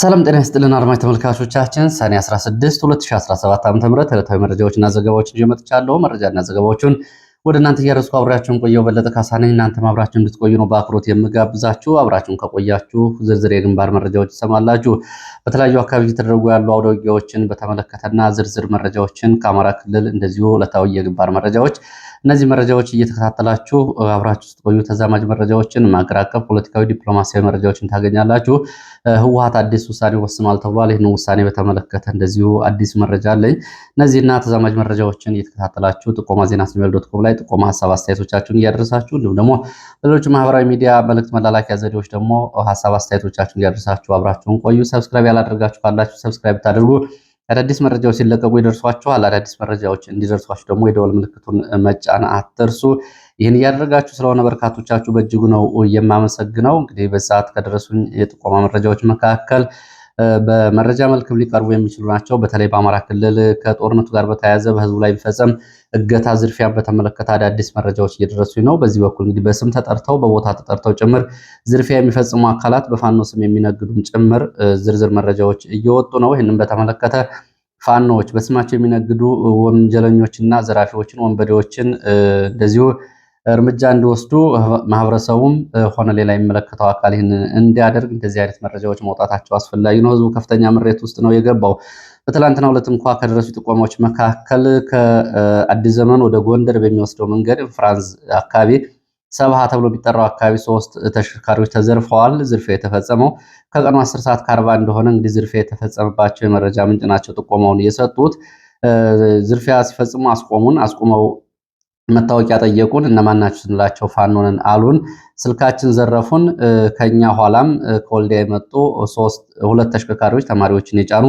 ሰላም ጤና ይስጥልን አድማጭ ተመልካቾቻችን፣ ሰኔ 16 2017 ዓ ም ዕለታዊ መረጃዎችና ዘገባዎችን ይዤ መጥቻለሁ። መረጃና ዘገባዎቹን ወደ እናንተ እያደረስኩ አብራችሁን ቆየው በለጠ ካሳነኝ። እናንተ አብራችሁ እንድትቆዩ ነው በአክሮት የምጋብዛችሁ። አብራችሁን ከቆያችሁ ዝርዝር የግንባር መረጃዎች ይሰማላችሁ። በተለያዩ አካባቢ እየተደረጉ ያሉ አውደ ውጊያዎችን በተመለከተና ዝርዝር መረጃዎችን ከአማራ ክልል እንደዚሁ ዕለታዊ የግንባር መረጃዎች እነዚህ መረጃዎች እየተከታተላችሁ አብራችሁ ስትቆዩ ተዛማጅ መረጃዎችን ማቀራቀብ፣ ፖለቲካዊ፣ ዲፕሎማሲያዊ መረጃዎችን ታገኛላችሁ። ህወሀት አዲስ ውሳኔ ወስኗል ተብሏል። ይህን ውሳኔ በተመለከተ እንደዚሁ አዲስ መረጃ አለኝ። እነዚህና ተዛማጅ መረጃዎችን እየተከታተላችሁ ጥቆማ ዜና ጂሜል ዶት ኮም ላይ ጥቆም፣ ሀሳብ አስተያየቶቻችሁን እያደረሳችሁ እንዲሁም ደግሞ ሌሎች ማህበራዊ ሚዲያ መልእክት መላላኪያ ዘዴዎች ደግሞ ሀሳብ አስተያየቶቻችሁን እያደረሳችሁ አብራችሁን ቆዩ። ሰብስክራይብ ያላደርጋችሁ ካላችሁ ሰብስክራይብ ታደርጉ አዳዲስ መረጃዎች ሲለቀቁ ይደርሷችኋል። አዳዲስ መረጃዎች እንዲደርሷችሁ ደግሞ የደወል ምልክቱን መጫን አትርሱ። ይህን እያደረጋችሁ ስለሆነ በርካቶቻችሁ በእጅጉ ነው የማመሰግነው። እንግዲህ በሰዓት ከደረሱኝ የጥቆማ መረጃዎች መካከል በመረጃ መልክም ሊቀርቡ የሚችሉ ናቸው። በተለይ በአማራ ክልል ከጦርነቱ ጋር በተያያዘ በህዝቡ ላይ ቢፈጸም እገታ፣ ዝርፊያ በተመለከተ አዳዲስ መረጃዎች እየደረሱ ነው። በዚህ በኩል እንግዲህ በስም ተጠርተው በቦታ ተጠርተው ጭምር ዝርፊያ የሚፈጽሙ አካላት በፋኖ ስም የሚነግዱም ጭምር ዝርዝር መረጃዎች እየወጡ ነው። ይህንም በተመለከተ ፋኖዎች በስማቸው የሚነግዱ ወንጀለኞችና ዘራፊዎችን፣ ወንበዴዎችን እንደዚሁ እርምጃ እንዲወስዱ ማህበረሰቡም ሆነ ሌላ የሚመለከተው አካል ይህን እንዲያደርግ እንደዚህ አይነት መረጃዎች መውጣታቸው አስፈላጊ ነው። ህዝቡ ከፍተኛ ምሬት ውስጥ ነው የገባው። በትላንትና ሁለት እንኳ ከደረሱ ጥቆማዎች መካከል ከአዲስ ዘመን ወደ ጎንደር በሚወስደው መንገድ ፍራንስ አካባቢ ሰብሃ ተብሎ የሚጠራው አካባቢ ሶስት ተሽከርካሪዎች ተዘርፈዋል። ዝርፌ የተፈጸመው ከቀኑ አስር ሰዓት ከአርባ እንደሆነ እንግዲህ ዝርፌ የተፈጸመባቸው የመረጃ ምንጭ ናቸው ጥቆማውን የሰጡት። ዝርፊያ ሲፈጽሙ አስቆሙን፣ አስቆመው መታወቂያ ጠየቁን። እነማን ናችሁ ስንላቸው ፋኖንን አሉን። ስልካችን ዘረፉን። ከኛ ኋላም ከወልዲያ የመጡ ሶስት ሁለት ተሽከርካሪዎች ተማሪዎችን የጫኑ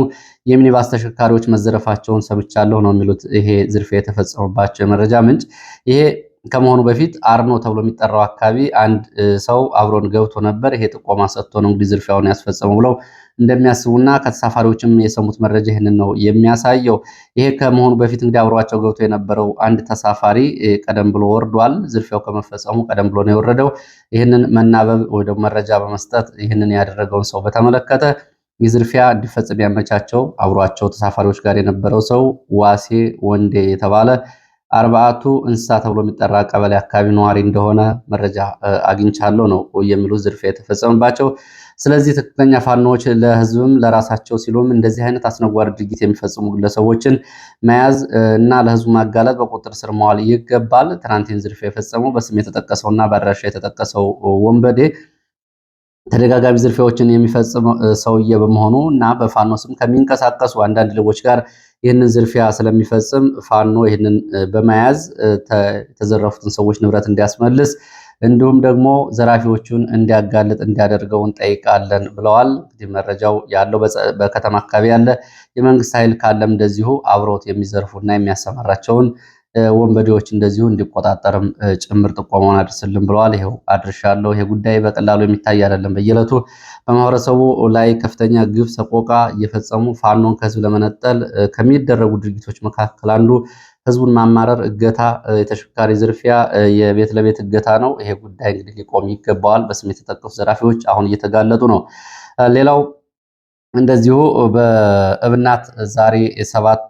የሚኒባስ ተሽከርካሪዎች መዘረፋቸውን ሰምቻለሁ ነው የሚሉት ይሄ ዝርፊያ የተፈጸመባቸው የመረጃ ምንጭ። ይሄ ከመሆኑ በፊት አርኖ ተብሎ የሚጠራው አካባቢ አንድ ሰው አብሮን ገብቶ ነበር። ይሄ ጥቆማ ሰጥቶ ነው እንግዲህ ዝርፊያውን ያስፈጸመው ብለው እንደሚያስቡና ከተሳፋሪዎችም የሰሙት መረጃ ይህንን ነው የሚያሳየው። ይሄ ከመሆኑ በፊት እንግዲህ አብሯቸው ገብቶ የነበረው አንድ ተሳፋሪ ቀደም ብሎ ወርዷል። ዝርፊያው ከመፈጸሙ ቀደም ብሎ ነው የወረደው። ይህንን መናበብ ወይ ደግሞ መረጃ በመስጠት ይህንን ያደረገውን ሰው በተመለከተ የዝርፊያ እንዲፈጽም ያመቻቸው አብሯቸው ተሳፋሪዎች ጋር የነበረው ሰው ዋሴ ወንዴ የተባለ አርባአቱ እንስሳ ተብሎ የሚጠራ ቀበሌ አካባቢ ነዋሪ እንደሆነ መረጃ አግኝቻለሁ ነው የሚሉት። ዝርፊያ የተፈጸመባቸው ስለዚህ ትክክለኛ ፋኖዎች ለህዝብም ለራሳቸው ሲሉም እንደዚህ አይነት አስነዋሪ ድርጊት የሚፈጽሙ ግለሰቦችን መያዝ እና ለህዝቡ ማጋለጥ በቁጥጥር ስር መዋል ይገባል። ትናንትን ዝርፊያ የፈጸመው በስም የተጠቀሰውና በአድራሻ የተጠቀሰው ወንበዴ ተደጋጋሚ ዝርፊያዎችን የሚፈጽም ሰውዬ በመሆኑ እና በፋኖ ስም ከሚንቀሳቀሱ አንዳንድ ሌቦች ጋር ይህንን ዝርፊያ ስለሚፈጽም ፋኖ ይህንን በመያዝ የተዘረፉትን ሰዎች ንብረት እንዲያስመልስ እንዲሁም ደግሞ ዘራፊዎቹን እንዲያጋልጥ እንዲያደርገው እንጠይቃለን ብለዋል። እንግዲህ መረጃው ያለው በከተማ አካባቢ ያለ የመንግስት ኃይል ካለም እንደዚሁ አብሮት የሚዘርፉና የሚያሰማራቸውን ወንበዴዎች እንደዚሁ እንዲቆጣጠርም ጭምር ጥቆማውን አድርስልን ብለዋል። ይኸው አድርሻለሁ። ይሄ ጉዳይ በቀላሉ የሚታይ አይደለም። በየዕለቱ በማህበረሰቡ ላይ ከፍተኛ ግፍ፣ ሰቆቃ እየፈጸሙ ፋኖን ከህዝብ ለመነጠል ከሚደረጉ ድርጊቶች መካከል አንዱ ህዝቡን ማማረር፣ እገታ፣ የተሽከርካሪ ዝርፊያ፣ የቤት ለቤት እገታ ነው። ይሄ ጉዳይ እንግዲህ ሊቆም ይገባዋል። በስም የተጠቀሱ ዘራፊዎች አሁን እየተጋለጡ ነው። ሌላው እንደዚሁ በእብናት ዛሬ ሰባት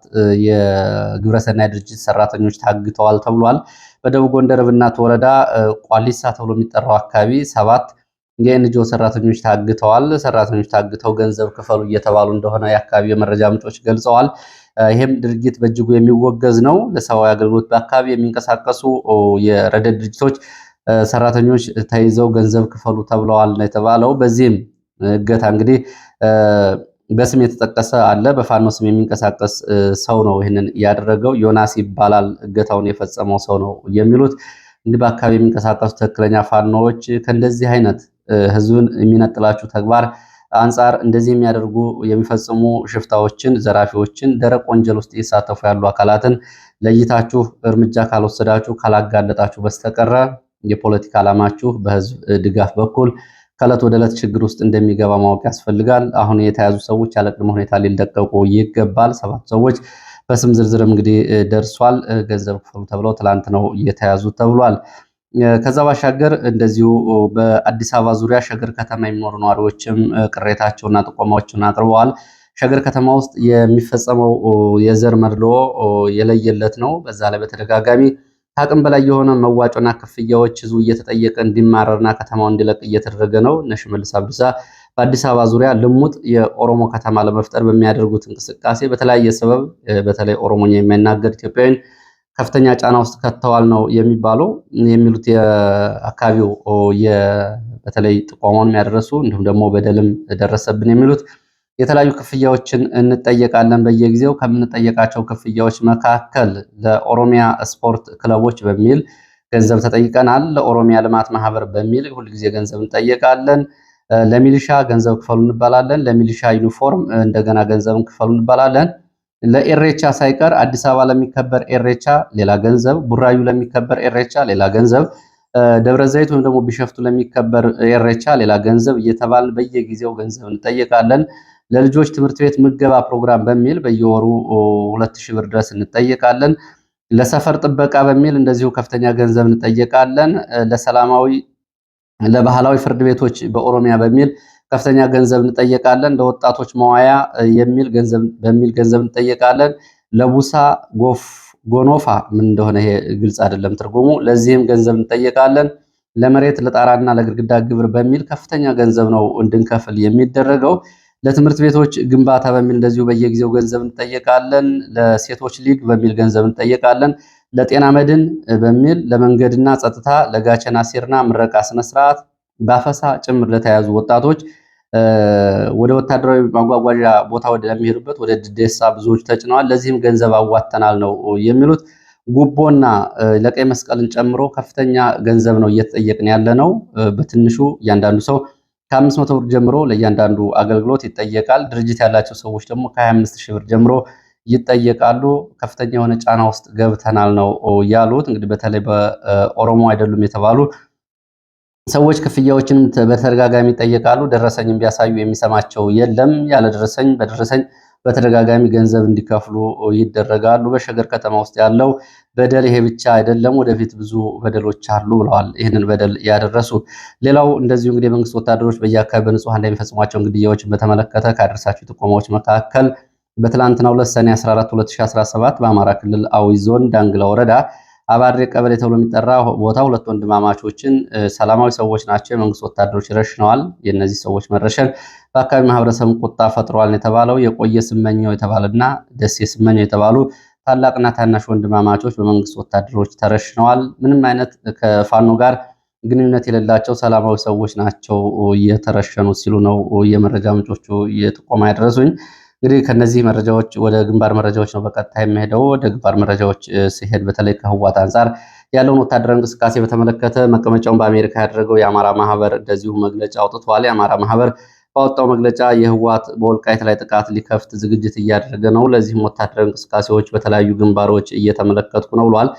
የግብረሰናይ ድርጅት ሰራተኞች ታግተዋል ተብሏል። በደቡብ ጎንደር እብናት ወረዳ ቋሊሳ ተብሎ የሚጠራው አካባቢ ሰባት የኤንጂኦ ሰራተኞች ታግተዋል። ሰራተኞች ታግተው ገንዘብ ክፈሉ እየተባሉ እንደሆነ የአካባቢ የመረጃ ምንጮች ገልጸዋል። ይህም ድርጊት በእጅጉ የሚወገዝ ነው። ለሰብአዊ አገልግሎት በአካባቢ የሚንቀሳቀሱ የረደድ ድርጅቶች ሰራተኞች ተይዘው ገንዘብ ክፈሉ ተብለዋል ነው የተባለው በዚህም እገታ እንግዲህ በስም የተጠቀሰ አለ። በፋኖ ስም የሚንቀሳቀስ ሰው ነው ይህንን ያደረገው ዮናስ ይባላል፣ እገታውን የፈጸመው ሰው ነው የሚሉት እንግዲህ በአካባቢ የሚንቀሳቀሱ ትክክለኛ ፋኖዎች ከእንደዚህ አይነት ህዝብን የሚነጥላችሁ ተግባር አንጻር እንደዚህ የሚያደርጉ የሚፈጽሙ ሽፍታዎችን፣ ዘራፊዎችን፣ ደረቅ ወንጀል ውስጥ እየተሳተፉ ያሉ አካላትን ለይታችሁ እርምጃ ካልወሰዳችሁ ካላጋለጣችሁ በስተቀረ የፖለቲካ ዓላማችሁ በህዝብ ድጋፍ በኩል ከእለት ወደ ዕለት ችግር ውስጥ እንደሚገባ ማወቅ ያስፈልጋል። አሁን የተያዙ ሰዎች ያለቅድመ ሁኔታ ሊለቀቁ ይገባል። ሰባት ሰዎች በስም ዝርዝርም እንግዲህ ደርሷል። ገንዘብ ክፍሉ ተብለው ትላንት ነው የተያዙ ተብሏል። ከዛ ባሻገር እንደዚሁ በአዲስ አበባ ዙሪያ ሸገር ከተማ የሚኖሩ ነዋሪዎችም ቅሬታቸውና ጥቆማዎችን አቅርበዋል። ሸገር ከተማ ውስጥ የሚፈጸመው የዘር መድሎ የለየለት ነው። በዛ ላይ በተደጋጋሚ ከአቅም በላይ የሆነ መዋጮና ክፍያዎች ህዝቡ እየተጠየቀ እንዲማረርና ከተማው እንዲለቅ እየተደረገ ነው። እነ ሽመልስ አብዲሳ በአዲስ አበባ ዙሪያ ልሙጥ የኦሮሞ ከተማ ለመፍጠር በሚያደርጉት እንቅስቃሴ በተለያየ ሰበብ በተለይ ኦሮሞኛ የማይናገር ኢትዮጵያዊን ከፍተኛ ጫና ውስጥ ከተዋል ነው የሚባለው የሚሉት የአካባቢው በተለይ ጥቆማውንም የሚያደረሱ እንዲሁም ደግሞ በደልም ደረሰብን የሚሉት የተለያዩ ክፍያዎችን እንጠየቃለን። በየጊዜው ከምንጠየቃቸው ክፍያዎች መካከል ለኦሮሚያ ስፖርት ክለቦች በሚል ገንዘብ ተጠይቀናል። ለኦሮሚያ ልማት ማህበር በሚል ሁልጊዜ ገንዘብ እንጠየቃለን። ለሚሊሻ ገንዘብ ክፈሉ እንባላለን። ለሚሊሻ ዩኒፎርም እንደገና ገንዘብን ክፈሉ እንባላለን። ለኤሬቻ ሳይቀር አዲስ አበባ ለሚከበር ኤሬቻ ሌላ ገንዘብ፣ ቡራዩ ለሚከበር ኤሬቻ ሌላ ገንዘብ፣ ደብረ ዘይት ወይም ደግሞ ቢሸፍቱ ለሚከበር ኤሬቻ ሌላ ገንዘብ እየተባል በየጊዜው ገንዘብ እንጠየቃለን። ለልጆች ትምህርት ቤት ምገባ ፕሮግራም በሚል በየወሩ ሁለት ሺህ ብር ድረስ እንጠየቃለን። ለሰፈር ጥበቃ በሚል እንደዚሁ ከፍተኛ ገንዘብ እንጠየቃለን። ለሰላማዊ ለባህላዊ ፍርድ ቤቶች በኦሮሚያ በሚል ከፍተኛ ገንዘብ እንጠየቃለን። ለወጣቶች መዋያ የሚል ገንዘብ በሚል ገንዘብ እንጠየቃለን። ለቡሳ ጎፍ ጎኖፋ ምን እንደሆነ ይሄ ግልጽ አይደለም ትርጉሙ። ለዚህም ገንዘብ እንጠየቃለን። ለመሬት ለጣራና ለግድግዳ ግብር በሚል ከፍተኛ ገንዘብ ነው እንድንከፍል የሚደረገው። ለትምህርት ቤቶች ግንባታ በሚል እንደዚሁ በየጊዜው ገንዘብ እንጠየቃለን። ለሴቶች ሊግ በሚል ገንዘብ እንጠየቃለን። ለጤና መድን በሚል ለመንገድና ጸጥታ፣ ለጋቸና ሴርና ምረቃ ስነስርዓት በአፈሳ ጭምር ለተያዙ ወጣቶች ወደ ወታደራዊ ማጓጓዣ ቦታ ወደሚሄዱበት ወደ ድዴሳ ብዙዎች ተጭነዋል። ለዚህም ገንዘብ አዋተናል ነው የሚሉት። ጉቦና ለቀይ መስቀልን ጨምሮ ከፍተኛ ገንዘብ ነው እየተጠየቅን ያለ ነው። በትንሹ እያንዳንዱ ሰው ከአምስት መቶ ብር ጀምሮ ለእያንዳንዱ አገልግሎት ይጠየቃል። ድርጅት ያላቸው ሰዎች ደግሞ ከ አምስት ሺህ ብር ጀምሮ ይጠየቃሉ። ከፍተኛ የሆነ ጫና ውስጥ ገብተናል ነው ያሉት። እንግዲህ በተለይ በኦሮሞ አይደሉም የተባሉ ሰዎች ክፍያዎችንም በተደጋጋሚ ይጠየቃሉ። ደረሰኝም ቢያሳዩ የሚሰማቸው የለም። ያለ ደረሰኝ በደረሰኝ በተደጋጋሚ ገንዘብ እንዲከፍሉ ይደረጋሉ። በሸገር ከተማ ውስጥ ያለው በደል ይሄ ብቻ አይደለም፣ ወደፊት ብዙ በደሎች አሉ ብለዋል። ይህንን በደል ያደረሱ ሌላው እንደዚሁ እንግዲህ የመንግስት ወታደሮች በየአካባቢ በንጹሐን ላይ የሚፈጽሟቸውን ግድያዎችን በተመለከተ ካደረሳቸው ጥቆማዎች መካከል በትላንትና ሁለት ሰኔ 14 2017 በአማራ ክልል አዊ ዞን ዳንግላ ወረዳ አባድሬ ቀበሌ ተብሎ የሚጠራ ቦታ ሁለት ወንድማማቾችን ሰላማዊ ሰዎች ናቸው የመንግስት ወታደሮች ረሽነዋል። የእነዚህ ሰዎች መረሸን በአካባቢ ማህበረሰብ ቁጣ ፈጥሯል የተባለው የቆየ ስመኛው የተባለና ደሴ ስመኛው የተባሉ ታላቅና ታናሽ ወንድማማቾች በመንግስት ወታደሮች ተረሽነዋል። ምንም አይነት ከፋኖ ጋር ግንኙነት የሌላቸው ሰላማዊ ሰዎች ናቸው እየተረሸኑት ሲሉ ነው የመረጃ ምንጮቹ እየጠቆማ ያደረሱኝ። እንግዲህ ከነዚህ መረጃዎች ወደ ግንባር መረጃዎች ነው በቀጥታ የሚሄደው። ወደ ግንባር መረጃዎች ሲሄድ በተለይ ከህዋት አንጻር ያለውን ወታደራዊ እንቅስቃሴ በተመለከተ መቀመጫውን በአሜሪካ ያደረገው የአማራ ማህበር እንደዚሁ መግለጫ አውጥተዋል። የአማራ ማህበር ባወጣው መግለጫ የህወሓት በወልቃይት ላይ ጥቃት ሊከፍት ዝግጅት እያደረገ ነው፣ ለዚህም ወታደራዊ እንቅስቃሴዎች በተለያዩ ግንባሮች እየተመለከትኩ ነው ብሏል።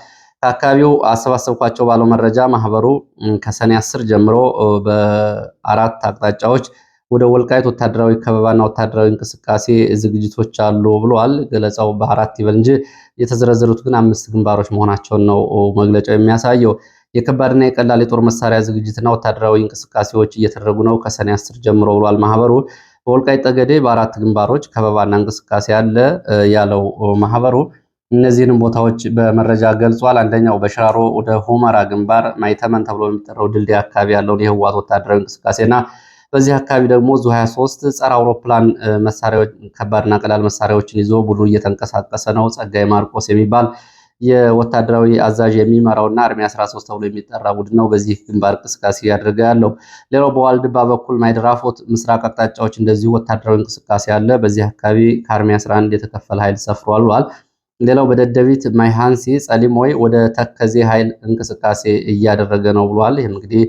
ከአካባቢው አሰባሰብኳቸው ባለው መረጃ ማህበሩ ከሰኔ አስር ጀምሮ በአራት አቅጣጫዎች ወደ ወልቃይት ወታደራዊ ከበባና ወታደራዊ እንቅስቃሴ ዝግጅቶች አሉ ብለዋል። ገለጻው በአራት ይበል እንጂ የተዘረዘሩት ግን አምስት ግንባሮች መሆናቸውን ነው መግለጫው የሚያሳየው። የከባድና የቀላል የጦር መሳሪያ ዝግጅትና ወታደራዊ እንቅስቃሴዎች እየተደረጉ ነው ከሰኔ አስር ጀምሮ ብሏል ማህበሩ። በወልቃይ ጠገዴ በአራት ግንባሮች ከበባና እንቅስቃሴ አለ ያለው ማህበሩ እነዚህንም ቦታዎች በመረጃ ገልጿል። አንደኛው በሽራሮ ወደ ሁመራ ግንባር ማይተመን ተብሎ የሚጠራው ድልድይ አካባቢ ያለውን የህዋት ወታደራዊ እንቅስቃሴና በዚህ አካባቢ ደግሞ ዙ 23 ጸረ አውሮፕላን መሳሪያዎች ከባድና ቀላል መሳሪያዎችን ይዞ ቡድኑ እየተንቀሳቀሰ ነው። ጸጋይ ማርቆስ የሚባል የወታደራዊ አዛዥ የሚመራውና አርሚ 13 ተብሎ የሚጠራ ቡድን ነው። በዚህ ግንባር እንቅስቃሴ ያደርገ ያለው። ሌላው በዋልድባ በኩል ማይድራፎት ምስራቅ አቅጣጫዎች እንደዚሁ ወታደራዊ እንቅስቃሴ አለ። በዚህ አካባቢ ከአርሚ 11 የተከፈለ ኃይል ሰፍሯል ብሏል። ሌላው በደደቢት ማይሃንሲ ጸሊሞይ ወደ ተከዜ ኃይል እንቅስቃሴ እያደረገ ነው ብሏል። ይህም እንግዲህ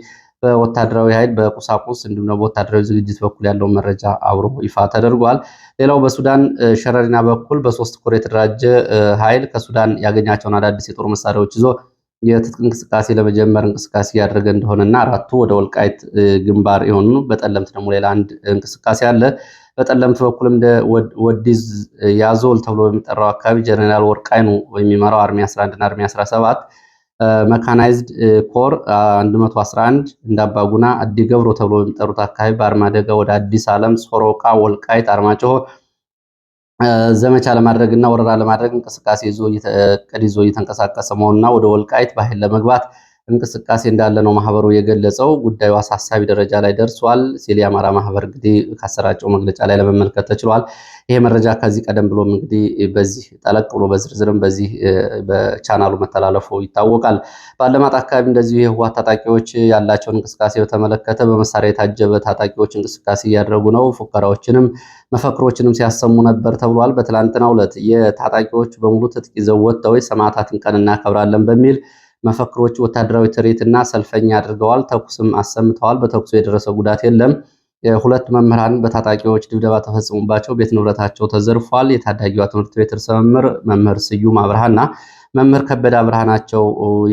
በወታደራዊ ኃይል በቁሳቁስ እንዲሁም ደግሞ በወታደራዊ ዝግጅት በኩል ያለውን መረጃ አብሮ ይፋ ተደርጓል። ሌላው በሱዳን ሸረሪና በኩል በሶስት ኮር የተደራጀ ኃይል ከሱዳን ያገኛቸውን አዳዲስ የጦር መሳሪያዎች ይዞ የትጥቅ እንቅስቃሴ ለመጀመር እንቅስቃሴ እያደረገ እንደሆነና አራቱ ወደ ወልቃይት ግንባር የሆኑ በጠለምት ደግሞ ሌላ አንድ እንቅስቃሴ አለ። በጠለምት በኩልም እንደ ወዲዝ ያዞል ተብሎ በሚጠራው አካባቢ ጀኔራል ወርቃይኑ የሚመራው አርሚ 11 እና አርሚ 17 መካናይዝድ ኮር 111 እንዳባጉና አዲ ገብሮ ተብሎ በሚጠሩት አካባቢ በአርማደጋ ወደ አዲስ ዓለም፣ ሶሮቃ፣ ወልቃይት፣ አርማጭሆ ዘመቻ ለማድረግና ወረራ ለማድረግ እንቅስቃሴ ይዞ እየተንቀሳቀሰ መሆኑና ወደ ወልቃይት ባህል ለመግባት እንቅስቃሴ እንዳለ ነው ማህበሩ የገለጸው። ጉዳዩ አሳሳቢ ደረጃ ላይ ደርሷል ሲል የአማራ ማህበር እንግዲህ ካሰራጨው መግለጫ ላይ ለመመልከት ተችሏል። ይሄ መረጃ ከዚህ ቀደም ብሎም እንግዲህ በዚህ ጠለቅ ብሎ በዝርዝርም በዚህ በቻናሉ መተላለፉ ይታወቃል። በአለማጣ አካባቢ እንደዚሁ የህወሓት ታጣቂዎች ያላቸውን እንቅስቃሴ በተመለከተ በመሳሪያ የታጀበ ታጣቂዎች እንቅስቃሴ እያደረጉ ነው፣ ፉከራዎችንም መፈክሮችንም ሲያሰሙ ነበር ተብሏል። በትላንትናው ዕለት የታጣቂዎች በሙሉ ትጥቅ ይዘው ወጥተው የሰማዕታትን ቀን እናከብራለን በሚል መፈክሮች ወታደራዊ ትርኢትና ሰልፈኛ አድርገዋል። ተኩስም አሰምተዋል። በተኩሱ የደረሰ ጉዳት የለም። ሁለት መምህራን በታጣቂዎች ድብደባ ተፈጽሞባቸው ቤት ንብረታቸው ተዘርፏል። የታዳጊዋ ትምህርት ቤት ርዕሰ መምህር መምህር ስዩም አብርሃና መምህር ከበደ አብርሃ ናቸው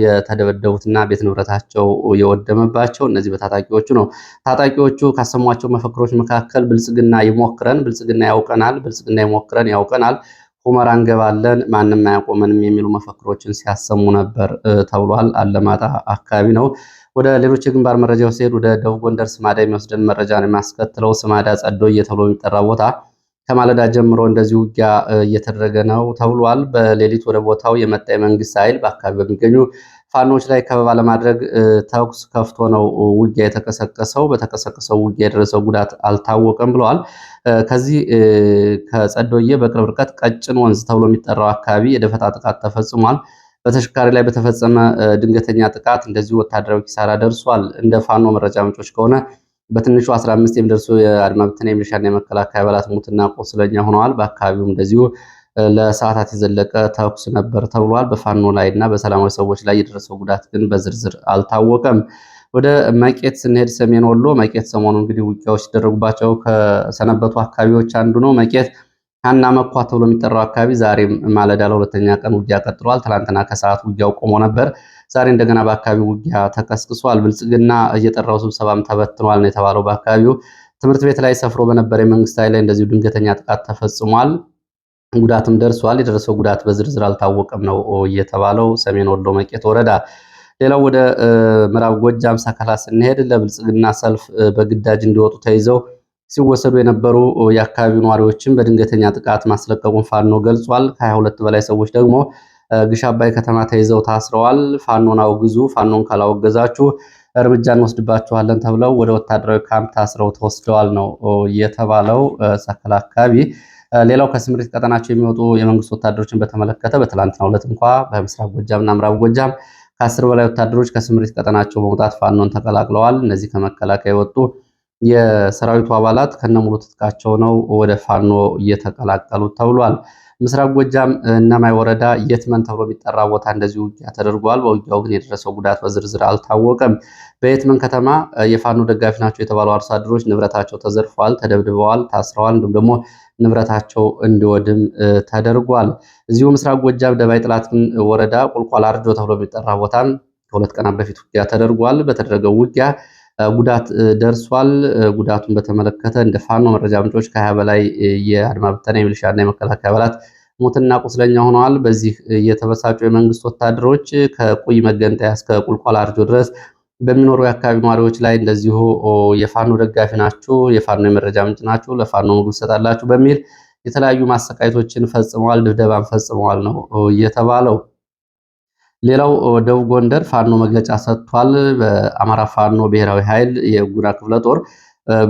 የተደበደቡትና ቤት ንብረታቸው የወደመባቸው። እነዚህ በታጣቂዎቹ ነው። ታጣቂዎቹ ካሰሟቸው መፈክሮች መካከል ብልጽግና ይሞክረን፣ ብልጽግና ያውቀናል፣ ብልጽግና ይሞክረን ያውቀናል ሁመራ እንገባለን ማንም አያቆመንም የሚሉ መፈክሮችን ሲያሰሙ ነበር ተብሏል። አለማጣ አካባቢ ነው። ወደ ሌሎች የግንባር መረጃዎች ሲሄድ ወደ ደቡብ ጎንደር ስማዳ የሚወስደን መረጃ ነው የሚያስከትለው። ስማዳ ጸዶ እየተብሎ የሚጠራ ቦታ ከማለዳ ጀምሮ እንደዚህ ውጊያ እየተደረገ ነው ተብሏል። በሌሊት ወደ ቦታው የመጣ የመንግስት ኃይል በአካባቢ በሚገኙ ፋኖች ላይ ከበባ ለማድረግ ተኩስ ከፍቶ ነው ውጊያ የተቀሰቀሰው። በተቀሰቀሰው ውጊያ የደረሰው ጉዳት አልታወቀም ብለዋል። ከዚህ ከጸዶዬ በቅርብ ርቀት ቀጭን ወንዝ ተብሎ የሚጠራው አካባቢ የደፈጣ ጥቃት ተፈጽሟል። በተሽከርካሪ ላይ በተፈጸመ ድንገተኛ ጥቃት እንደዚሁ ወታደራዊ ኪሳራ ደርሷል። እንደ ፋኖ መረጃ ምንጮች ከሆነ በትንሹ 15 የሚደርሱ የአድማ ብተና የሚሊሻና የመከላከያ አባላት ሙትና ቆስለኛ ሆነዋል። በአካባቢውም እንደዚሁ ለሰዓታት የዘለቀ ተኩስ ነበር ተብሏል። በፋኖ ላይ እና በሰላማዊ ሰዎች ላይ የደረሰው ጉዳት ግን በዝርዝር አልታወቀም። ወደ መቄት ስንሄድ ሰሜን ወሎ መቄት ሰሞኑ እንግዲህ ውጊያዎች ሲደረጉባቸው ከሰነበቱ አካባቢዎች አንዱ ነው። መቄት ሀና መኳ ተብሎ የሚጠራው አካባቢ ዛሬም ማለዳ ለሁለተኛ ቀን ውጊያ ቀጥሏል። ትላንትና ከሰዓት ውጊያው ቆሞ ነበር። ዛሬ እንደገና በአካባቢው ውጊያ ተቀስቅሷል። ብልጽግና እየጠራው ስብሰባም ተበትኗል ነው የተባለው። በአካባቢው ትምህርት ቤት ላይ ሰፍሮ በነበረ የመንግስት ኃይል ላይ እንደዚሁ ድንገተኛ ጥቃት ተፈጽሟል። ጉዳትም ደርሷል። የደረሰው ጉዳት በዝርዝር አልታወቀም ነው እየተባለው። ሰሜን ወሎ መቄት ወረዳ። ሌላው ወደ ምዕራብ ጎጃም ሰከላ ስንሄድ ለብልጽግና ሰልፍ በግዳጅ እንዲወጡ ተይዘው ሲወሰዱ የነበሩ የአካባቢው ነዋሪዎችን በድንገተኛ ጥቃት ማስለቀቁን ፋኖ ገልጿል። ከ22 በላይ ሰዎች ደግሞ ግሽ አባይ ከተማ ተይዘው ታስረዋል። ፋኖን አውግዙ፣ ፋኖን ካላወገዛችሁ እርምጃ እንወስድባችኋለን ተብለው ወደ ወታደራዊ ካምፕ ታስረው ተወስደዋል ነው የተባለው ሰከላ አካባቢ ሌላው ከስምሪት ቀጠናቸው የሚወጡ የመንግስት ወታደሮችን በተመለከተ በትላንትናው ዕለት እንኳ በምስራቅ ጎጃምና ምዕራብ ጎጃም ከአስር በላይ ወታደሮች ከስምሪት ቀጠናቸው በመውጣት ፋኖን ተቀላቅለዋል። እነዚህ ከመከላከያ የወጡ የሰራዊቱ አባላት ከነሙሉ ትጥቃቸው ነው ወደ ፋኖ እየተቀላቀሉት ተብሏል። ምስራቅ ጎጃም እነማይ ወረዳ የትመን ተብሎ የሚጠራ ቦታ እንደዚሁ ውጊያ ተደርጓል። በውጊያው ግን የደረሰው ጉዳት በዝርዝር አልታወቀም። በየትመን ከተማ የፋኖ ደጋፊ ናቸው የተባሉ አርሶ አደሮች ንብረታቸው ተዘርፈዋል፣ ተደብድበዋል፣ ታስረዋል እንዲሁም ደግሞ ንብረታቸው እንዲወድም ተደርጓል። እዚሁ ምስራቅ ጎጃም ደባይ ጥላት ወረዳ ቁልቋል አርጆ ተብሎ የሚጠራ ቦታም ከሁለት ቀናት በፊት ውጊያ ተደርጓል። በተደረገው ውጊያ ጉዳት ደርሷል። ጉዳቱን በተመለከተ እንደ ፋኖ መረጃ ምንጮች ከሀያ በላይ የአድማ ብተና የሚሊሻና የመከላከያ አባላት ሞትና ቁስለኛ ሆነዋል። በዚህ የተበሳጩ የመንግስት ወታደሮች ከቁይ መገንጠያ እስከ ቁልቋል አርጆ ድረስ በሚኖሩ የአካባቢ ነዋሪዎች ላይ እንደዚሁ የፋኖ ደጋፊ ናችሁ፣ የፋኖ የመረጃ ምንጭ ናችሁ፣ ለፋኖ ምግብ ትሰጣላችሁ በሚል የተለያዩ ማሰቃየቶችን ፈጽመዋል፣ ድብደባን ፈጽመዋል ነው እየተባለው። ሌላው ደቡብ ጎንደር ፋኖ መግለጫ ሰጥቷል። በአማራ ፋኖ ብሔራዊ ኃይል የጉና ክፍለ ጦር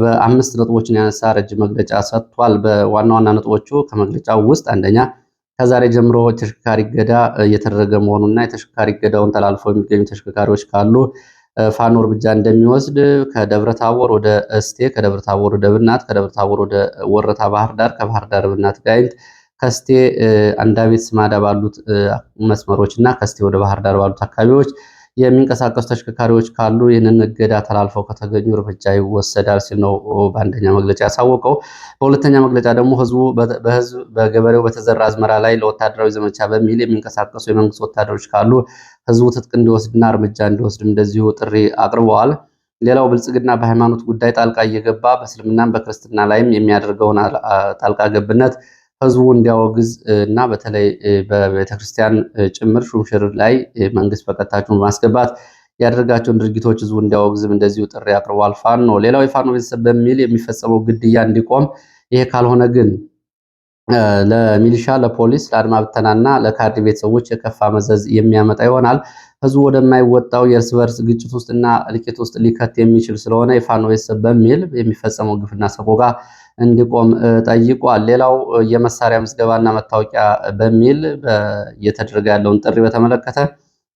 በአምስት ነጥቦችን ያነሳ ረጅም መግለጫ ሰጥቷል። በዋና ዋና ነጥቦቹ ከመግለጫው ውስጥ አንደኛ ከዛሬ ጀምሮ ተሽከርካሪ እገዳ እየተደረገ መሆኑና የተሽከርካሪ እገዳውን ተላልፎ የሚገኙ ተሽከርካሪዎች ካሉ ፋኖ እርምጃ እንደሚወስድ ከደብረ ታቦር ወደ እስቴ፣ ከደብረ ታቦር ወደ ብናት፣ ከደብረ ታቦር ወደ ወረታ ባህር ዳር፣ ከባህር ዳር ብናት ጋይንት፣ ከስቴ አንዳቤት ስማዳ ባሉት መስመሮች እና ከስቴ ወደ ባህር ዳር ባሉት አካባቢዎች የሚንቀሳቀሱ ተሽከርካሪዎች ካሉ ይህንን እገዳ ተላልፈው ከተገኙ እርምጃ ይወሰዳል ሲል ነው በአንደኛ መግለጫ ያሳወቀው። በሁለተኛ መግለጫ ደግሞ ህዝቡ በህዝብ በገበሬው በተዘራ አዝመራ ላይ ለወታደራዊ ዘመቻ በሚል የሚንቀሳቀሱ የመንግስት ወታደሮች ካሉ ህዝቡ ትጥቅ እንዲወስድና እርምጃ እንዲወስድ እንደዚሁ ጥሪ አቅርበዋል። ሌላው ብልጽግና በሃይማኖት ጉዳይ ጣልቃ እየገባ በእስልምናም በክርስትና ላይም የሚያደርገውን ጣልቃ ገብነት ህዝቡ እንዲያወግዝ እና በተለይ በቤተክርስቲያን ጭምር ሹምሽር ላይ መንግስት በቀጥታችሁን በማስገባት ያደረጋቸውን ድርጊቶች ህዝቡ እንዲያወግዝም እንደዚሁ ጥሪ አቅርቧል። ፋኖ ሌላው የፋኖ ቤተሰብ በሚል የሚፈጸመው ግድያ እንዲቆም፣ ይሄ ካልሆነ ግን ለሚሊሻ፣ ለፖሊስ፣ ለአድማ ብተናና ለካድሬ ቤተሰቦች የከፋ መዘዝ የሚያመጣ ይሆናል። ህዝቡ ወደማይወጣው የእርስ በርስ ግጭት ውስጥና እልቂት ውስጥ ሊከት የሚችል ስለሆነ የፋኖ ቤተሰብ በሚል የሚፈጸመው ግፍና ሰቆቃ እንዲቆም ጠይቋል። ሌላው የመሳሪያ ምዝገባና መታወቂያ በሚል እየተደረገ ያለውን ጥሪ በተመለከተ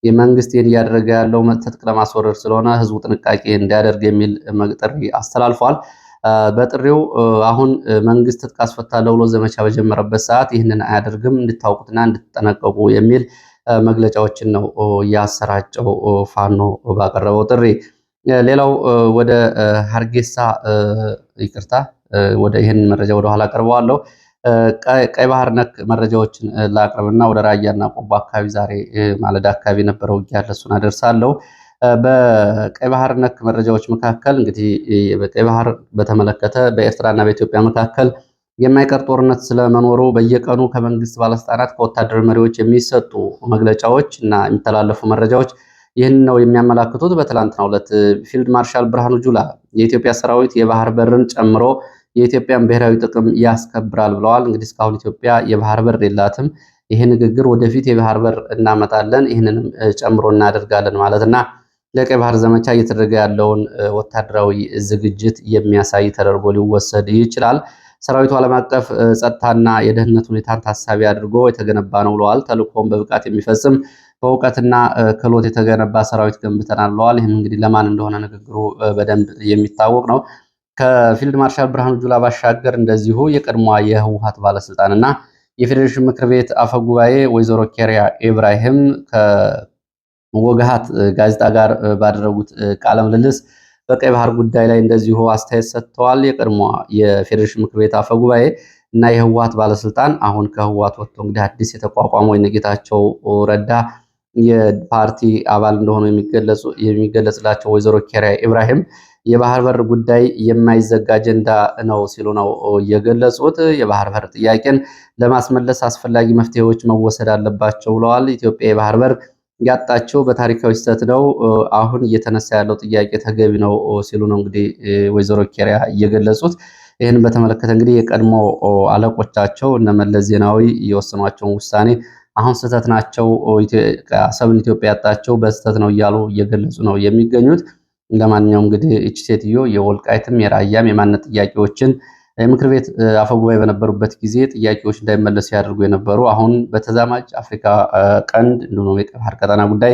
የመንግስት ይህን እያደረገ ያለው ትጥቅ ለማስወረድ ስለሆነ ህዝቡ ጥንቃቄ እንዲያደርግ የሚል ጥሪ አስተላልፏል። በጥሪው አሁን መንግስት ትጥቅ አስፈታለሁ ብሎ ዘመቻ በጀመረበት ሰዓት ይህንን አያደርግም እንድታውቁትና እንድትጠነቀቁ የሚል መግለጫዎችን ነው ያሰራጨው ፋኖ ባቀረበው ጥሪ ሌላው ወደ ሀርጌሳ ይቅርታ፣ ወደ ይህን መረጃ ወደኋላ አቀርበዋለሁ። ቀይ ባህር ነክ መረጃዎችን ላቅርብና ወደ ራያና ቆቦ አካባቢ ዛሬ ማለዳ አካባቢ የነበረው ውጊያ ለሱን አደርሳለሁ። በቀይ ባህር ነክ መረጃዎች መካከል እንግዲህ በቀይ ባህር በተመለከተ በኤርትራና በኢትዮጵያ መካከል የማይቀር ጦርነት ስለመኖሩ በየቀኑ ከመንግስት ባለስልጣናት ከወታደር መሪዎች የሚሰጡ መግለጫዎች እና የሚተላለፉ መረጃዎች ይህን ነው የሚያመላክቱት። በትላንትናው ዕለት ፊልድ ማርሻል ብርሃኑ ጁላ የኢትዮጵያ ሰራዊት የባህር በርን ጨምሮ የኢትዮጵያን ብሔራዊ ጥቅም ያስከብራል ብለዋል። እንግዲህ እስካሁን ኢትዮጵያ የባህር በር የላትም። ይህ ንግግር ወደፊት የባህር በር እናመጣለን፣ ይህንንም ጨምሮ እናደርጋለን ማለት እና ለቀይ ባህር ዘመቻ እየተደረገ ያለውን ወታደራዊ ዝግጅት የሚያሳይ ተደርጎ ሊወሰድ ይችላል። ሰራዊቱ ዓለም አቀፍ ጸጥታና የደህንነት ሁኔታን ታሳቢ አድርጎ የተገነባ ነው ብለዋል። ተልእኮውን በብቃት የሚፈጽም በእውቀትና ክህሎት የተገነባ ሰራዊት ገንብተናል ብለዋል። ይህም እንግዲህ ለማን እንደሆነ ንግግሩ በደንብ የሚታወቅ ነው። ከፊልድ ማርሻል ብርሃኑ ጁላ ባሻገር እንደዚሁ የቀድሞ የህወሀት እና የፌዴሬሽን ምክር ቤት አፈ ጉባኤ ወይዘሮ ኬሪያ ኢብራሂም ከወግሃት ጋዜጣ ጋር ባደረጉት ቃለ ምልልስ በቀይ ባህር ጉዳይ ላይ እንደዚሁ አስተያየት ሰጥተዋል። የቀድሞ የፌዴሬሽን ምክር ቤት ጉባኤ እና የህወሀት ባለስልጣን አሁን ከህወሀት ወጥቶ እንግዲህ አዲስ የተቋቋመው የነጌታቸው ረዳ የፓርቲ አባል እንደሆኑ የሚገለጽላቸው ወይዘሮ ኬሪያ ኢብራሂም የባህር በር ጉዳይ የማይዘጋ አጀንዳ ነው ሲሉ ነው የገለጹት። የባህር በር ጥያቄን ለማስመለስ አስፈላጊ መፍትሄዎች መወሰድ አለባቸው ብለዋል። ኢትዮጵያ የባህር በር ያጣቸው በታሪካዊ ስህተት ነው። አሁን እየተነሳ ያለው ጥያቄ ተገቢ ነው ሲሉ ነው እንግዲህ ወይዘሮ ኬሪያ እየገለጹት። ይህን በተመለከተ እንግዲህ የቀድሞ አለቆቻቸው እነ መለስ ዜናዊ የወሰኗቸውን ውሳኔ አሁን ስህተት ናቸው አሰብን ኢትዮጵያ ያጣቸው በስህተት ነው እያሉ እየገለጹ ነው የሚገኙት። ለማንኛውም እንግዲህ እች ሴትዮ የወልቃይትም የራያም የማንነት ጥያቄዎችን የምክር ቤት አፈጉባኤ በነበሩበት ጊዜ ጥያቄዎች እንዳይመለሱ ያደርጉ የነበሩ አሁን በተዛማጅ አፍሪካ ቀንድ እንዲሁም የቀይ ቀጠና ጉዳይ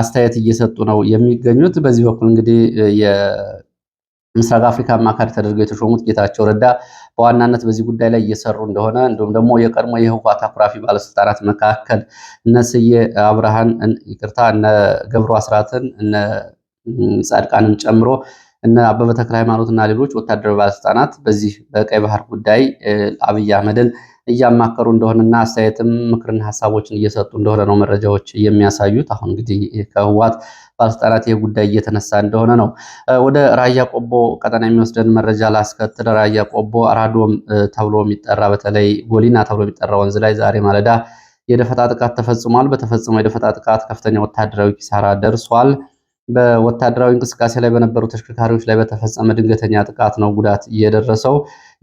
አስተያየት እየሰጡ ነው የሚገኙት። በዚህ በኩል እንግዲህ የምስራቅ አፍሪካ አማካሪ ተደርገው የተሾሙት ጌታቸው ረዳ በዋናነት በዚህ ጉዳይ ላይ እየሰሩ እንደሆነ እንዲሁም ደግሞ የቀድሞ የህወሓት አኩራፊ ባለስልጣናት መካከል እነ ስዬ አብርሃን ይቅርታ፣ እነ ገብሩ አስራትን እነ ጻድቃንን ጨምሮ እነ አበበ ተክለ ሃይማኖት እና ሌሎች ወታደራዊ ባለስልጣናት በዚህ በቀይ ባህር ጉዳይ አብይ አህመድን እያማከሩ እንደሆነና አስተያየትም ምክርና ሀሳቦችን እየሰጡ እንደሆነ ነው መረጃዎች የሚያሳዩት። አሁን እንግዲህ ከህወሓት ባለስልጣናት ይህ ጉዳይ እየተነሳ እንደሆነ ነው። ወደ ራያ ቆቦ ቀጠና የሚወስደን መረጃ ላስከትል። ራያ ቆቦ አራዶም ተብሎ የሚጠራ በተለይ ጎሊና ተብሎ የሚጠራ ወንዝ ላይ ዛሬ ማለዳ የደፈጣ ጥቃት ተፈጽሟል። በተፈጸመው የደፈጣ ጥቃት ከፍተኛ ወታደራዊ ኪሳራ ደርሷል። በወታደራዊ እንቅስቃሴ ላይ በነበሩ ተሽከርካሪዎች ላይ በተፈጸመ ድንገተኛ ጥቃት ነው ጉዳት እየደረሰው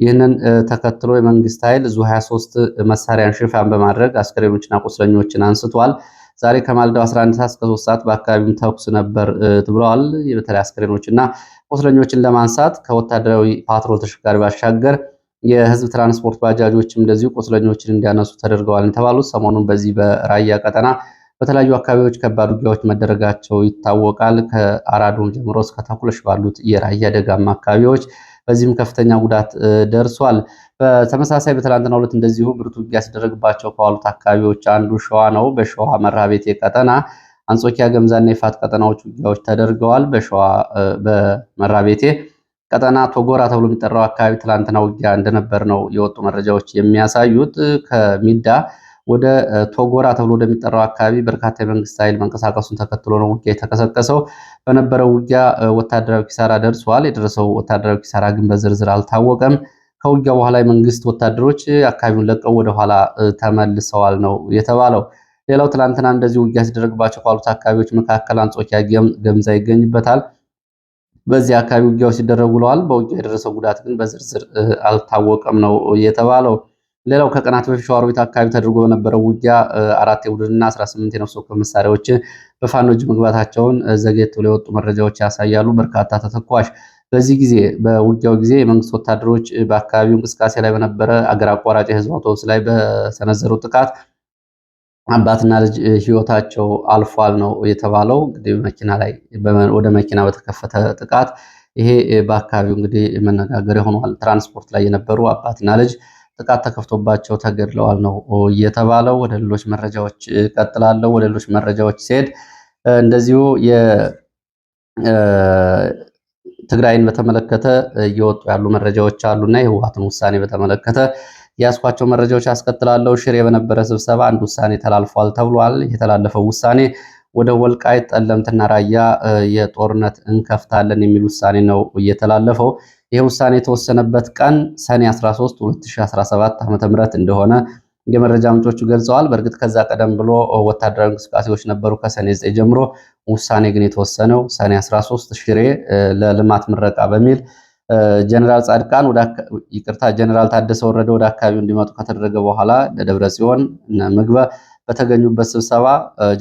ይህንን ተከትሎ የመንግስት ኃይል ዙ 23 መሳሪያን ሽፋን በማድረግ አስከሬኖችና ቁስለኞችን አንስቷል። ዛሬ ከማልዳው 11 ሰዓት እስከ 3 ሰዓት በአካባቢው ተኩስ ነበር ብለዋል። በተለይ አስከሬኖችና ቁስለኞችን ለማንሳት ከወታደራዊ ፓትሮል ተሽከርካሪ ባሻገር የህዝብ ትራንስፖርት ባጃጆችም እንደዚሁ ቁስለኞችን እንዲያነሱ ተደርገዋል የተባሉት ሰሞኑን በዚህ በራያ ቀጠና በተለያዩ አካባቢዎች ከባድ ውጊያዎች መደረጋቸው ይታወቃል። ከአራዱን ጀምሮ እስከ ተኩለሽ ባሉት የራያ ደጋማ አካባቢዎች በዚህም ከፍተኛ ጉዳት ደርሷል። በተመሳሳይ በትላንትና ሁለት እንደዚሁ ብርቱ ውጊያ ሲደረግባቸው ከዋሉት አካባቢዎች አንዱ ሸዋ ነው። በሸዋ ቤቴ ቀጠና አንጾኪያ ገምዛና ይፋት ቀጠናዎች ውጊያዎች ተደርገዋል። በሸዋ በመርሐቤቴ ቀጠና ቶጎራ ተብሎ የሚጠራው አካባቢ ትላንትና ውጊያ እንደነበር ነው የወጡ መረጃዎች የሚያሳዩት። ከሚዳ ወደ ቶጎራ ተብሎ ወደሚጠራው አካባቢ በርካታ የመንግስት ኃይል መንቀሳቀሱን ተከትሎ ነው ውጊያ የተቀሰቀሰው። በነበረው ውጊያ ወታደራዊ ኪሳራ ደርሷል። የደረሰው ወታደራዊ ኪሳራ ግን በዝርዝር አልታወቀም። ከውጊያ በኋላ የመንግስት ወታደሮች አካባቢውን ለቀው ወደኋላ ተመልሰዋል ነው የተባለው። ሌላው ትላንትና እንደዚህ ውጊያ ሲደረግባቸው ካሉት አካባቢዎች መካከል አንጾኪያ ገምዛ ይገኝበታል። በዚህ አካባቢ ውጊያው ሲደረጉ ውለዋል። በውጊያ የደረሰው ጉዳት ግን በዝርዝር አልታወቀም ነው የተባለው። ሌላው ከቀናት በፊት ሸዋሮቢት አካባቢ ተደርጎ በነበረው ውጊያ አራት የቡድንና 18 የነፍስ ወከፍ መሳሪያዎች በፋኖ እጅ መግባታቸውን ዘግየት ብሎ የወጡ መረጃዎች ያሳያሉ። በርካታ ተተኳሽ በዚህ ጊዜ በውጊያው ጊዜ የመንግስት ወታደሮች በአካባቢው እንቅስቃሴ ላይ በነበረ አገር አቋራጭ የህዝብ አውቶቡስ ላይ በሰነዘሩ ጥቃት አባትና ልጅ ህይወታቸው አልፏል ነው የተባለው። እንግዲህ መኪና ላይ ወደ መኪና በተከፈተ ጥቃት ይሄ በአካባቢው እንግዲህ መነጋገሪያ ሆኗል። ትራንስፖርት ላይ የነበሩ አባትና ልጅ ጥቃት ተከፍቶባቸው ተገድለዋል ነው እየተባለው። ወደ ሌሎች መረጃዎች ቀጥላለሁ። ወደ ሌሎች መረጃዎች ሲሄድ እንደዚሁ ትግራይን በተመለከተ እየወጡ ያሉ መረጃዎች አሉና የህወሓትን ውሳኔ በተመለከተ ያስኳቸው መረጃዎች ያስከትላለው። ሽሬ በነበረ ስብሰባ አንድ ውሳኔ ተላልፏል ተብሏል። የተላለፈው ውሳኔ ወደ ወልቃይት ጠለምትና ራያ የጦርነት እንከፍታለን የሚል ውሳኔ ነው እየተላለፈው። ይህ ውሳኔ የተወሰነበት ቀን ሰኔ 13 2017 ዓ.ም እንደሆነ የመረጃ ምንጮቹ ገልጸዋል። በእርግጥ ከዛ ቀደም ብሎ ወታደራዊ እንቅስቃሴዎች ነበሩ ከሰኔ 9 ጀምሮ። ውሳኔ ግን የተወሰነው ሰኔ 13 ሽሬ ለልማት ምረቃ በሚል ጀነራል ጻድቃን ወደ ይቅርታ ጀነራል ታደሰ ወረደ ወደ አካባቢው እንዲመጡ ከተደረገ በኋላ ለደብረ ጽዮን ምግበ በተገኙበት ስብሰባ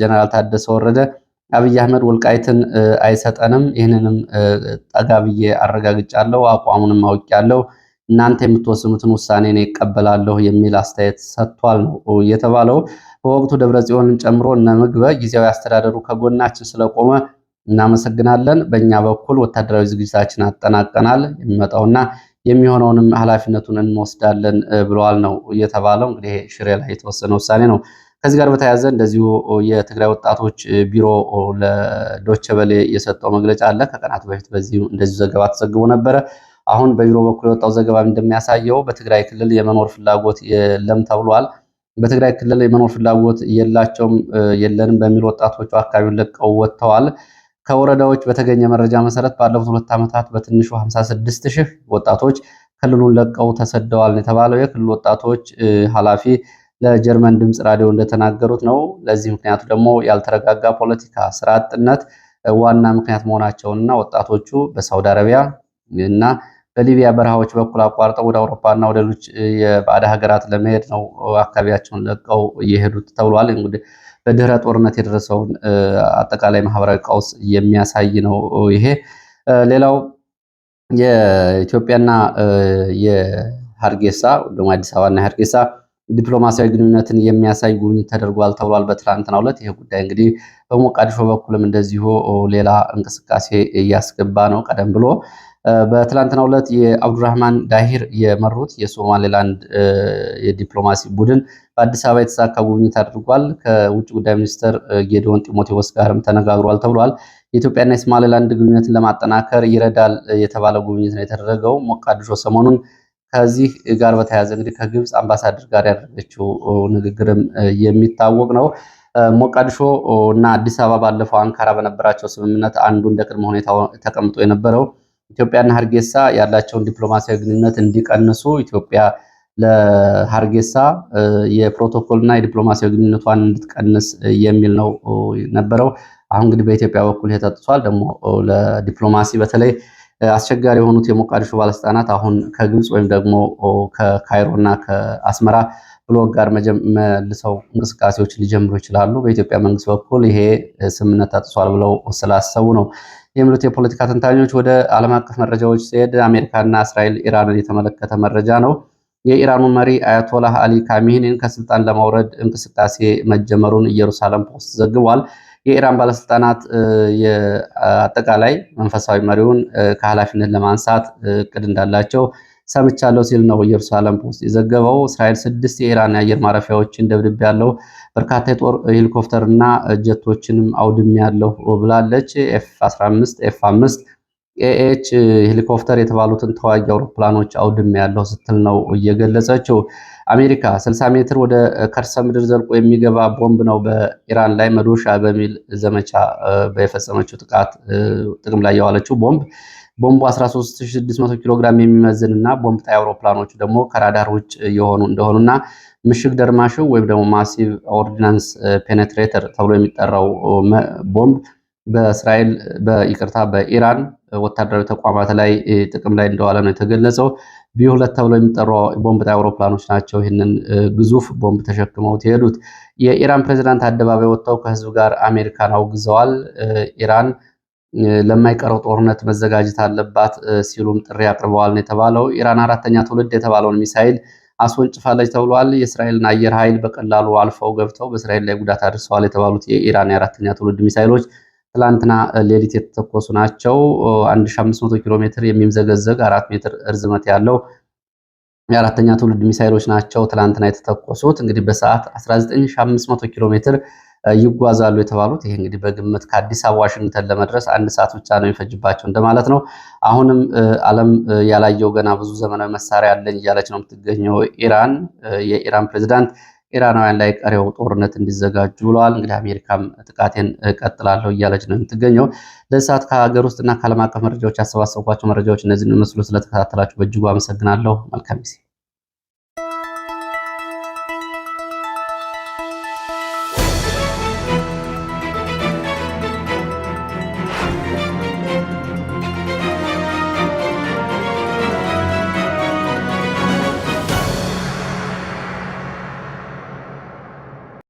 ጀነራል ታደሰ ወረደ አብይ አህመድ ወልቃይትን አይሰጠንም፣ ይህንንም ጠጋ ብዬ አረጋግጫለሁ፣ አቋሙንም አውቄያለሁ እናንተ የምትወስኑትን ውሳኔ እኔ እቀበላለሁ የሚል አስተያየት ሰጥቷል ነው የተባለው። በወቅቱ ደብረ ጽዮንን ጨምሮ እነ ምግበ ጊዜያዊ አስተዳደሩ ከጎናችን ስለቆመ እናመሰግናለን። በእኛ በኩል ወታደራዊ ዝግጅታችን አጠናቀናል። የሚመጣውና የሚሆነውንም ኃላፊነቱን እንወስዳለን ብለዋል ነው የተባለው። እንግዲህ ሽሬ ላይ የተወሰነ ውሳኔ ነው። ከዚህ ጋር በተያያዘ እንደዚሁ የትግራይ ወጣቶች ቢሮ ለዶቸበሌ የሰጠው መግለጫ አለ። ከቀናት በፊት በዚህ እንደዚሁ ዘገባ ተዘግቦ ነበረ። አሁን በቢሮ በኩል የወጣው ዘገባ እንደሚያሳየው በትግራይ ክልል የመኖር ፍላጎት የለም ተብሏል። በትግራይ ክልል የመኖር ፍላጎት የላቸውም የለንም በሚል ወጣቶቹ አካባቢውን ለቀው ወጥተዋል። ከወረዳዎች በተገኘ መረጃ መሰረት ባለፉት ሁለት ዓመታት በትንሹ 56 ሺህ ወጣቶች ክልሉን ለቀው ተሰደዋል የተባለው የክልሉ ወጣቶች ኃላፊ ለጀርመን ድምፅ ራዲዮ እንደተናገሩት ነው። ለዚህ ምክንያቱ ደግሞ ያልተረጋጋ ፖለቲካ፣ ስራ አጥነት ዋና ምክንያት መሆናቸውንና ወጣቶቹ በሳውዲ አረቢያ እና በሊቢያ በረሃዎች በኩል አቋርጠው ወደ አውሮፓና ወደ ሌሎች የባዕድ ሀገራት ለመሄድ ነው አካባቢያቸውን ለቀው እየሄዱት ተብሏል። እንግዲህ በድህረ ጦርነት የደረሰውን አጠቃላይ ማህበራዊ ቀውስ የሚያሳይ ነው ይሄ። ሌላው የኢትዮጵያና የሀርጌሳ ደግሞ አዲስ አበባና የሀርጌሳ ዲፕሎማሲያዊ ግንኙነትን የሚያሳይ ጉብኝት ተደርጓል ተብሏል በትናንትናው ዕለት። ይህ ጉዳይ እንግዲህ በሞቃዲሾ በኩልም እንደዚሁ ሌላ እንቅስቃሴ እያስገባ ነው ቀደም ብሎ በትላንትና ዕለት የአብዱራህማን ዳሂር የመሩት የሶማሌላንድ የዲፕሎማሲ ቡድን በአዲስ አበባ የተሳካ ጉብኝት አድርጓል። ከውጭ ጉዳይ ሚኒስትር ጌዲዮን ጢሞቴዎስ ጋርም ተነጋግሯል ተብሏል። የኢትዮጵያና የሶማሌላንድ ግንኙነትን ለማጠናከር ይረዳል የተባለ ጉብኝት ነው የተደረገው። ሞቃዲሾ ሰሞኑን ከዚህ ጋር በተያያዘ እንግዲህ ከግብፅ አምባሳደር ጋር ያደረገችው ንግግርም የሚታወቅ ነው። ሞቃዲሾ እና አዲስ አበባ ባለፈው አንካራ በነበራቸው ስምምነት አንዱ እንደ ቅድመ ሁኔታ ተቀምጦ የነበረው ኢትዮጵያና ሀርጌሳ ያላቸውን ዲፕሎማሲያዊ ግንኙነት እንዲቀንሱ ኢትዮጵያ ለሀርጌሳ የፕሮቶኮልና የዲፕሎማሲያዊ ግንኙነቷን እንድትቀንስ የሚል ነው ነበረው። አሁን እንግዲህ በኢትዮጵያ በኩል ተጥሷል። ደግሞ ለዲፕሎማሲ በተለይ አስቸጋሪ የሆኑት የሞቃዲሾ ባለስልጣናት አሁን ከግብፅ ወይም ደግሞ ከካይሮና ከአስመራ ብሎክ ጋር መልሰው እንቅስቃሴዎች ሊጀምሩ ይችላሉ። በኢትዮጵያ መንግስት በኩል ይሄ ስምምነት ተጥሷል ብለው ስላሰቡ ነው የሚሉት የፖለቲካ ተንታኞች። ወደ ዓለም አቀፍ መረጃዎች ሲሄድ አሜሪካና እስራኤል ኢራንን የተመለከተ መረጃ ነው። የኢራኑን መሪ አያቶላህ አሊ ካሚኒን ከስልጣን ለማውረድ እንቅስቃሴ መጀመሩን ኢየሩሳሌም ፖስት ዘግቧል። የኢራን ባለስልጣናት አጠቃላይ መንፈሳዊ መሪውን ከኃላፊነት ለማንሳት እቅድ እንዳላቸው ሰምቻለሁ ሲል ነው ኢየሩሳሌም ፖስት የዘገበው። እስራኤል ስድስት የኢራን የአየር ማረፊያዎችን ደብድብ ያለው በርካታ የጦር ሄሊኮፕተርና ጀቶችንም አውድም ያለው ብላለች። ኤፍ 15 ኤፍ 5 ኤኤች ሄሊኮፕተር የተባሉትን ተዋጊ አውሮፕላኖች አውድም ያለው ስትል ነው እየገለጸችው። አሜሪካ 60 ሜትር ወደ ከርሰ ምድር ዘልቆ የሚገባ ቦምብ ነው በኢራን ላይ መዶሻ በሚል ዘመቻ የፈጸመችው ጥቃት ጥቅም ላይ የዋለችው ቦምብ ቦምቡ 13600 ኪሎ ግራም የሚመዝን እና ቦምብ ጣይ አውሮፕላኖቹ ደግሞ ከራዳር ውጭ የሆኑ እንደሆኑና ምሽግ ደርማሹ ወይም ደግሞ ማሲቭ ኦርዲናንስ ፔኔትሬተር ተብሎ የሚጠራው ቦምብ በእስራኤል በይቅርታ በኢራን ወታደራዊ ተቋማት ላይ ጥቅም ላይ እንደዋለ ነው የተገለጸው። ቢ ሁለት ተብሎ የሚጠሩ ቦምብ ጣይ አውሮፕላኖች ናቸው ይህንን ግዙፍ ቦምብ ተሸክመው የሄዱት። የኢራን ፕሬዚዳንት አደባባይ ወጥተው ከህዝብ ጋር አሜሪካን አውግዘዋል። ኢራን ለማይቀረው ጦርነት መዘጋጀት አለባት ሲሉም ጥሪ አቅርበዋል ነው የተባለው። ኢራን አራተኛ ትውልድ የተባለውን ሚሳይል አስወንጭፋለች ተብሏል። የእስራኤልን አየር ኃይል በቀላሉ አልፈው ገብተው በእስራኤል ላይ ጉዳት አድርሰዋል የተባሉት የኢራን የአራተኛ ትውልድ ሚሳይሎች ትላንትና ሌሊት የተተኮሱ ናቸው። 1500 ኪሎ ሜትር የሚምዘገዘግ አራት ሜትር እርዝመት ያለው የአራተኛ ትውልድ ሚሳይሎች ናቸው ትላንትና የተተኮሱት። እንግዲህ በሰዓት 19500 ኪሎ ሜትር ይጓዛሉ የተባሉት። ይሄ እንግዲህ በግምት ከአዲስ አበባ ዋሽንግተን ለመድረስ አንድ ሰዓት ብቻ ነው የሚፈጅባቸው እንደማለት ነው። አሁንም ዓለም ያላየው ገና ብዙ ዘመናዊ መሳሪያ አለኝ እያለች ነው የምትገኘው ኢራን። የኢራን ፕሬዚዳንት ኢራናውያን ላይ ቀሪው ጦርነት እንዲዘጋጁ ብለዋል። እንግዲህ አሜሪካም ጥቃቴን ቀጥላለሁ እያለች ነው የምትገኘው። ለዚህ ሰዓት ከሀገር ውስጥና ከዓለም አቀፍ መረጃዎች ያሰባሰብኳቸው መረጃዎች እነዚህን መስሎ ስለተከታተላችሁ በእጅጉ አመሰግናለሁ። መልካም ጊዜ